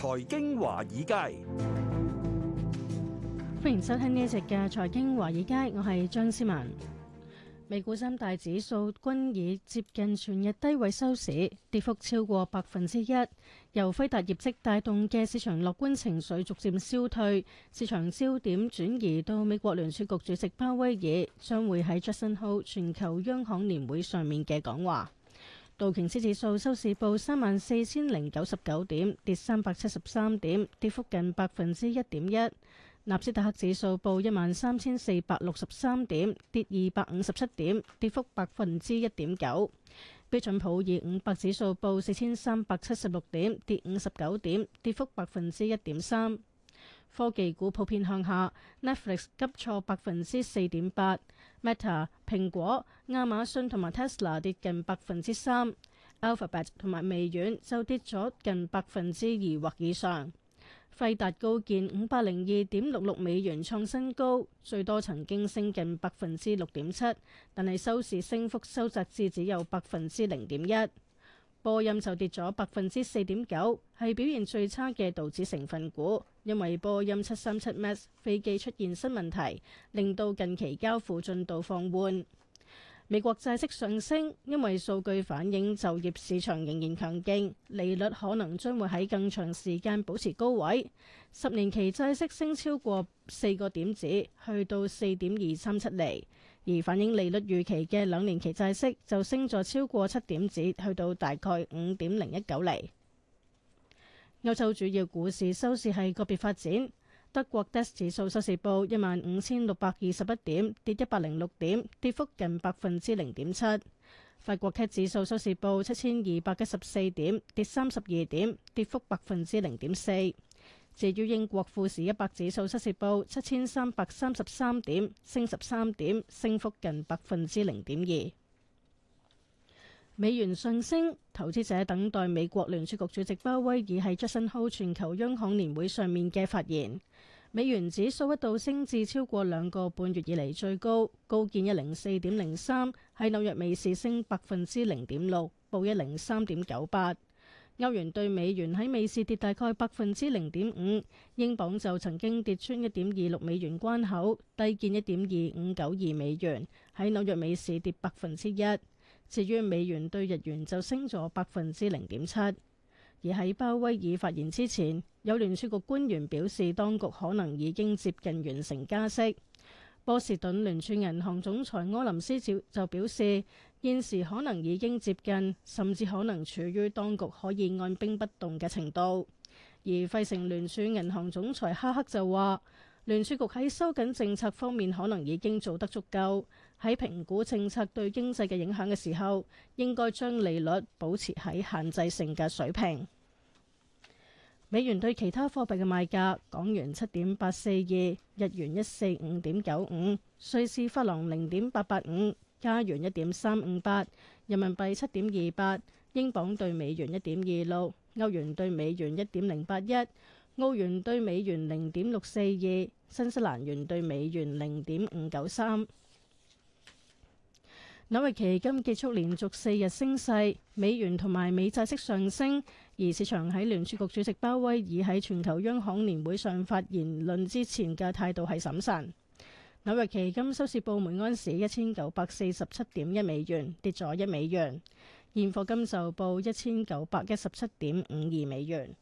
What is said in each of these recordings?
財經華爾街，歡迎收聽呢一集嘅財經華爾街，我係張思文。美股三大指數均以接近全日低位收市，跌幅超過百分之一。由輝達業績帶動嘅市場樂觀情緒逐漸消退，市場焦點轉移到美國聯儲局主席鮑威爾將會喺 Jackson Hole 全球央行年會上面嘅講話。道瓊斯指數收市報三萬四千零九十九點，跌三百七十三點，跌幅近百分之一點一。納斯達克指數報一萬三千四百六十三點，跌二百五十七點，跌幅百分之一點九。標準普爾五百指數報四千三百七十六點，跌五十九點，跌幅百分之一點三。科技股普遍向下，Netflix 急挫百分之四點八。Meta、Met a, 蘋果、亞馬遜同埋 Tesla 跌近百分之三，Alphabet 同埋微軟就跌咗近百分之二或以上。費達高見五百零二點六六美元創新高，最多曾經升近百分之六點七，但係收市升幅收窄至只有百分之零點一。波音就跌咗百分之四點九，係表現最差嘅道指成分股，因為波音七三七 MAX 飛機出現新問題，令到近期交付進度放緩。美國債息上升，因為數據反映就業市場仍然強勁，利率可能將會喺更長時間保持高位。十年期債息升超過四個點子，去到四點二三七厘。而反映利率預期嘅兩年期債息就升咗超過七點子，去到大概五點零一九厘。歐洲主要股市收市係個別發展，德國 DAX 指數收市報一萬五千六百二十一點，跌一百零六點，跌幅近百分之零點七；法國 CAC 指數收市報七千二百一十四點，跌三十二點，跌幅百分之零點四。至於英國富時一百指數實時報七千三百三十三點，升十三點，升幅近百分之零點二。美元上升，投資者等待美國聯儲局主席鮑威爾喺 Jackson Hole 全球央行年會上面嘅發言。美元指數一度升至超過兩個半月以嚟最高，高見一零四點零三，喺紐約美市升百分之零點六，報一零三點九八。歐元對美元喺美市跌大概百分之零點五，英鎊就曾經跌穿一點二六美元關口，低見一點二五九二美元。喺紐約美市跌百分之一。至於美元對日元就升咗百分之零點七。而喺鮑威爾發言之前，有聯儲局官員表示，當局可能已經接近完成加息。波士頓聯儲銀行總裁柯林斯就就表示，現時可能已經接近，甚至可能處於當局可以按兵不動嘅程度。而費城聯儲銀行總裁哈克就話，聯儲局喺收緊政策方面可能已經做得足夠，喺評估政策對經濟嘅影響嘅時候，應該將利率保持喺限制性嘅水平。美元對其他貨幣嘅賣價：港元七點八四二，日元一四五點九五，瑞士法郎零點八八五，加元一點三五八，人民幣七點二八，英鎊對美元一點二六，歐元對美元一點零八一，澳元對美元零點六四二，新西蘭元對美元零點五九三。紐約期金結束連續四日升勢，美元同埋美債息上升，而市場喺聯儲局主席鮑威爾喺全球央行年會上發言論之前嘅態度係審慎。紐約期金收市報每安士一千九百四十七點一美元，跌咗一美元；現貨金就報一千九百一十七點五二美元。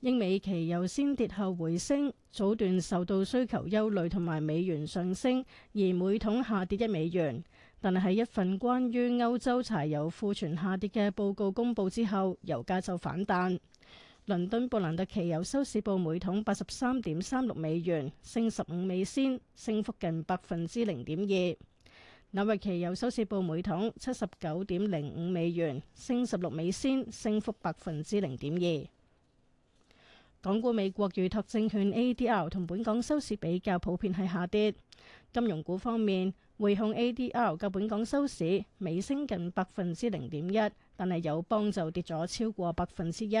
英美期油先跌後回升，早段受到需求憂慮同埋美元上升，而每桶下跌一美元。但係喺一份關於歐洲柴油庫存下跌嘅報告公佈之後，油價就反彈。倫敦布蘭特期油收市報每桶八十三點三六美元，升十五美仙，升幅近百分之零點二。紐約期油收市報每桶七十九點零五美元，升十六美仙，升幅百分之零點二。港股美國預託證券 A D L 同本港收市比較普遍係下跌。金融股方面，匯控 A D L 較本港收市微升近百分之零點一，但係友邦就跌咗超過百分之一。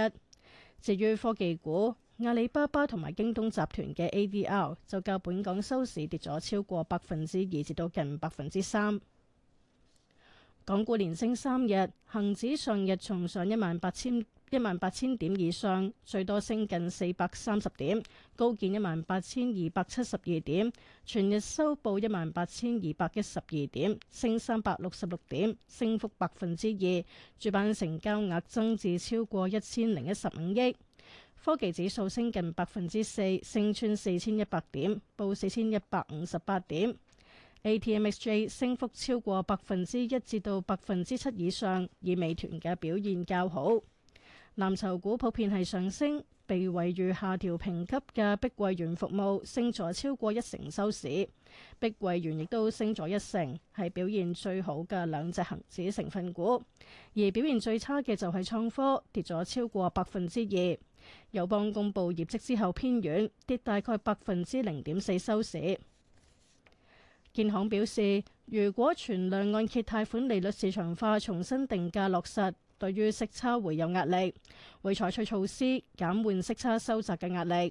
至於科技股，阿里巴巴同埋京東集團嘅 A D L 就較本港收市跌咗超過百分之二，至到近百分之三。港股連升三日，恒指上日重上一萬八千一萬八千點以上，最多升近四百三十點，高見一萬八千二百七十二點，全日收報一萬八千二百一十二點，升三百六十六點，升幅百分之二。主板成交額增至超過一千零一十五億。科技指數升近百分之四，升穿四千一百點，報四千一百五十八點。ATMXJ 升幅超過百分之一至到百分之七以上，以美團嘅表現較好。藍籌股普遍係上升，被圍住下調評級嘅碧桂園服務升咗超過一成收市，碧桂園亦都升咗一成，係表現最好嘅兩隻恒指成分股。而表現最差嘅就係創科，跌咗超過百分之二，友邦公布業績之後偏軟，跌大概百分之零點四收市。建行表示，如果存量按揭貸款利率市場化重新定價落實，對於息差會有壓力，會採取措施減緩息差收窄嘅壓力。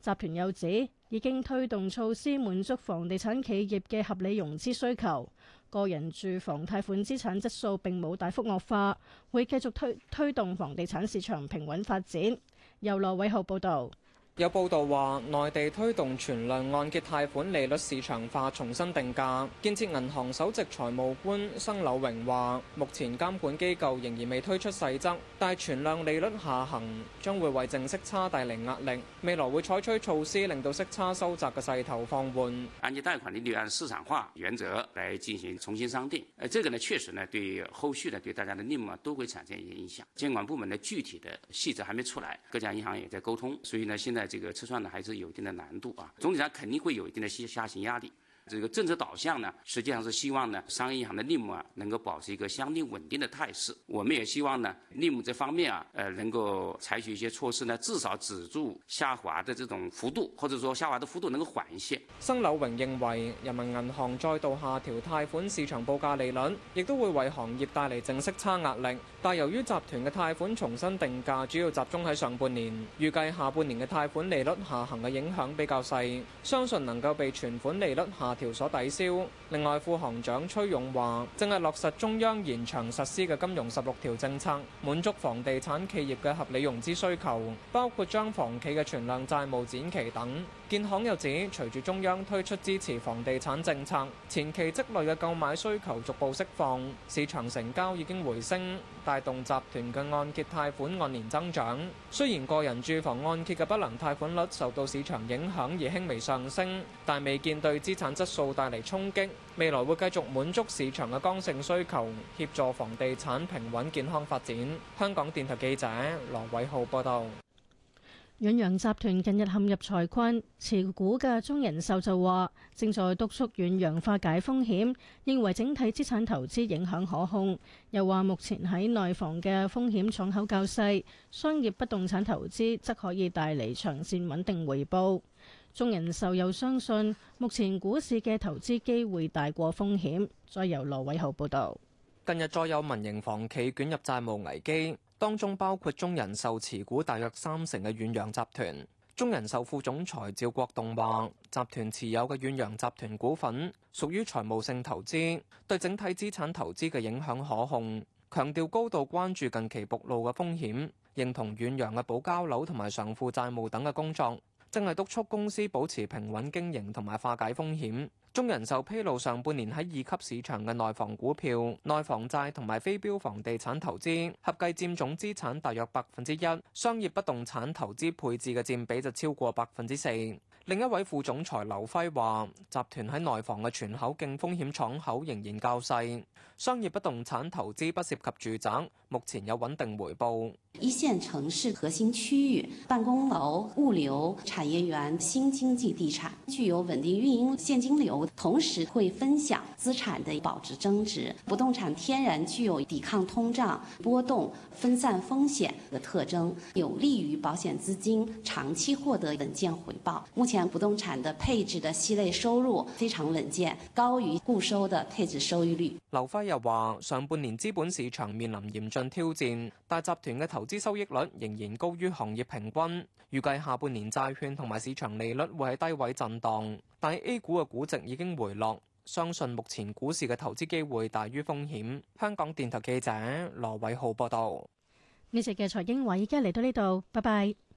集團又指，已經推動措施滿足房地產企業嘅合理融資需求，個人住房貸款資產質素並冇大幅惡化，會繼續推推動房地產市場平穩發展。由羅偉浩報道。有報道話，內地推動存量按揭貸款利率市場化重新定價。建設銀行首席財務官生柳榮話：，目前監管機構仍然未推出細則，但存量利率下行將會為淨息差帶嚟壓力。未來會採取措施，令到息差收窄嘅勢頭放緩。按揭貸款利率按市場化原則來進行重新商定，誒、呃，這個呢確實呢對後續呢對大家的利率都會產生一啲影響。監管部門的具體的細則還沒出來，各家銀行也在溝通，所以呢，現在。這個測算呢，還是有一定的難度啊。總體上肯定會有一定的下下行壓力。這個政策導向呢，實際上是希望呢，商業銀行的利母啊，能夠保持一個相對穩定的態勢。我們也希望呢，利母這方面啊，呃，能夠採取一些措施呢，至少止住下滑的這種幅度，或者說下滑的幅度能夠緩一些。曾柳榮認為，人民銀行再度下調貸款市場報價利率，亦都會為行業帶嚟淨息差壓力。但由於集團嘅貸款重新定價主要集中喺上半年，預計下半年嘅貸款利率下行嘅影響比較細，相信能夠被存款利率下條所抵消。另外，副行長崔勇話，正係落實中央延長實施嘅金融十六條政策，滿足房地產企業嘅合理融資需求，包括將房企嘅存量債務展期等。建行又指，隨住中央推出支持房地產政策，前期積累嘅購買需求逐步釋放，市場成交已經回升。帶動集團嘅按揭貸款按年增長。雖然個人住房按揭嘅不良貸款率受到市場影響而輕微上升，但未見對資產質素帶嚟衝擊。未來會繼續滿足市場嘅剛性需求，協助房地產平穩健康發展。香港電台記者羅偉浩報道。遠洋集團近日陷入財困，持股嘅中人壽就話正在督促遠洋化解風險，認為整體資產投資影響可控。又話目前喺內房嘅風險敞口較細，商業不動產投資則可以帶嚟長線穩定回報。中人壽又相信目前股市嘅投資機會大過風險。再由羅偉豪報道，近日再有民營房企捲入債務危機。當中包括中人壽持股大約三成嘅遠洋集團，中人壽副總裁趙國棟話：集團持有嘅遠洋集團股份屬於財務性投資，對整體資產投資嘅影響可控，強調高度關注近期暴露嘅風險，認同遠洋嘅保交樓同埋償付債務等嘅工作。正係督促公司保持平穩經營同埋化解風險。中人壽披露上半年喺二級市場嘅內房股票、內房債同埋非標房地產投資，合計佔總資產大約百分之一，商業不動產投資配置嘅佔比就超過百分之四。另一位副總裁劉輝話，集團喺內房嘅全口徑風險敞口仍然較細，商業不動產投資不涉及住宅，目前有穩定回報。一線城市核心區域辦公樓、物流產業園、新經濟地產具有穩定運營現金流，同時會分享資產的保值增值。不動產天然具有抵抗通脹波動、分散風險嘅特徵，有利於保險資金長期獲得穩健回報。目前。不動產的配置的息類收入非常穩健，高於固收的配置收益率。劉輝又話：上半年資本市場面臨嚴峻挑戰，大集團嘅投資收益率仍然高於行業平均。預計下半年債券同埋市場利率會喺低位震蕩，但係 A 股嘅估值已經回落，相信目前股市嘅投資機會大於風險。香港電台記者羅偉浩報道。呢節嘅財經華爾街，而家嚟到呢度，拜拜。